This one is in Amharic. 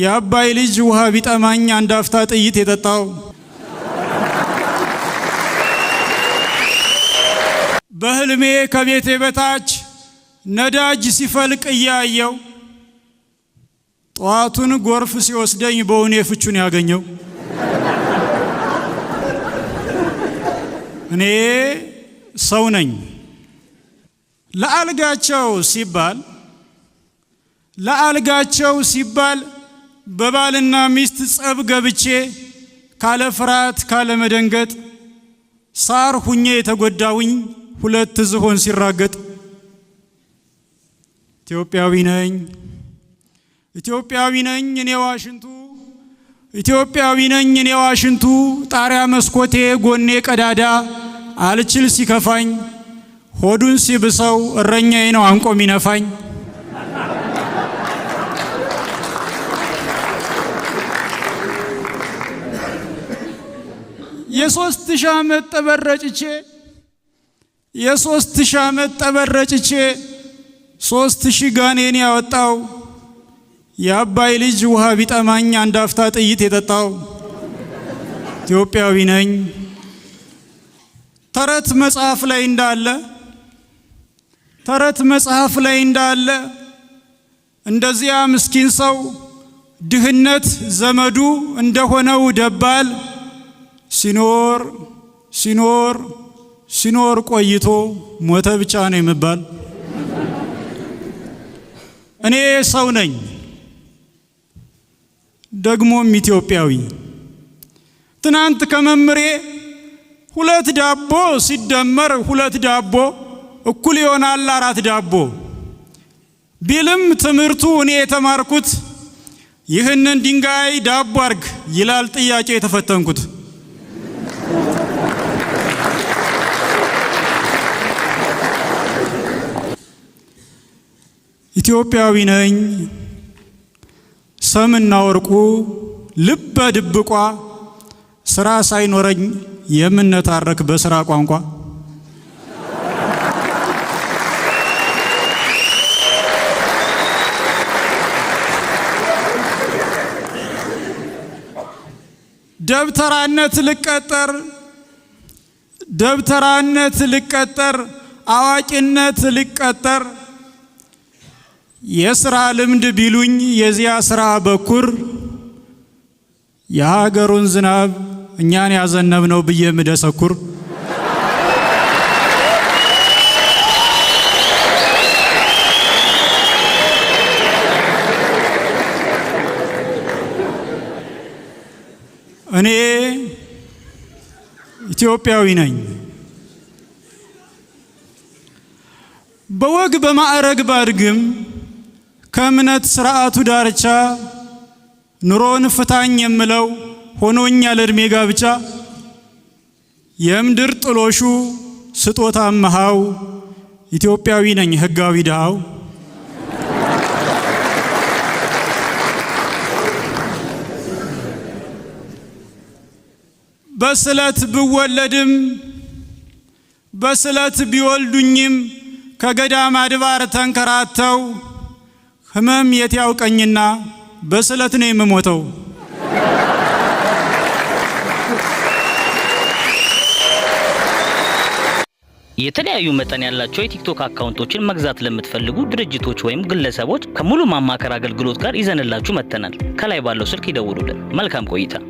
የአባይ ልጅ ውሃ ቢጠማኝ አንድ አፍታ ጥይት የጠጣው በህልሜ ከቤቴ በታች ነዳጅ ሲፈልቅ እያየው ጠዋቱን ጎርፍ ሲወስደኝ በውኔ ፍቹን ያገኘው እኔ ሰው ነኝ። ለአልጋቸው ሲባል ለአልጋቸው ሲባል በባልና ሚስት ጸብ ገብቼ ካለ ፍርሃት ካለ መደንገጥ ሳር ሁኜ የተጎዳውኝ ሁለት ዝሆን ሲራገጥ ኢትዮጵያዊ ነኝ ኢትዮጵያዊ ነኝ እኔ ዋሽንቱ ኢትዮጵያዊ ነኝ እኔ ዋሽንቱ ጣሪያ መስኮቴ ጎኔ ቀዳዳ አልችል ሲከፋኝ ሆዱን ሲብሰው እረኛዬ ነው አንቆ ሚነፋኝ። የሶስት ሺህ ዓመት ጠበረጭቼ የሶስት ሺህ ዓመት ጠበረጭቼ ሶስት ሺህ ጋኔን ያወጣው የአባይ ልጅ ውሃ ቢጠማኝ አንድ አፍታ ጥይት የጠጣው ኢትዮጵያዊ ነኝ። ተረት መጽሐፍ ላይ እንዳለ ተረት መጽሐፍ ላይ እንዳለ እንደዚያ ምስኪን ሰው ድህነት ዘመዱ እንደሆነው ደባል ሲኖር ሲኖር ሲኖር ቆይቶ ሞተ ብቻ ነው የሚባል። እኔ ሰው ነኝ፣ ደግሞም ኢትዮጵያዊ። ትናንት ከመምሬ ሁለት ዳቦ ሲደመር ሁለት ዳቦ እኩል ይሆናል አራት ዳቦ ቢልም ትምህርቱ እኔ የተማርኩት ይህንን ድንጋይ ዳቦ አርግ ይላል ጥያቄ የተፈተንኩት ኢትዮጵያዊ ነኝ ሰምና ወርቁ ልበ ድብቋ ስራ ሳይኖረኝ የምነታረክ በስራ ቋንቋ ደብተራነት ልቀጠር ደብተራነት ልቀጠር አዋቂነት ልቀጠር የስራ ልምድ ቢሉኝ የዚያ ስራ በኩር የሀገሩን ዝናብ እኛን ያዘነብ ነው ብዬ ምደሰኩር እኔ ኢትዮጵያዊ ነኝ። በወግ በማዕረግ ባድግም ከእምነት ስርዓቱ ዳርቻ ኑሮን ፍታኝ የምለው ሆኖኛል እድሜ ጋብቻ የምድር ጥሎሹ ስጦታ መሃው ኢትዮጵያዊ ነኝ ህጋዊ ድሃው በስለት ብወለድም በስለት ቢወልዱኝም ከገዳም አድባር ተንከራተው ህመም የት ያውቀኝና በስለት ነው የምሞተው። የተለያዩ መጠን ያላቸው የቲክቶክ አካውንቶችን መግዛት ለምትፈልጉ ድርጅቶች ወይም ግለሰቦች ከሙሉ ማማከር አገልግሎት ጋር ይዘንላችሁ መጥተናል። ከላይ ባለው ስልክ ይደውሉልን። መልካም ቆይታ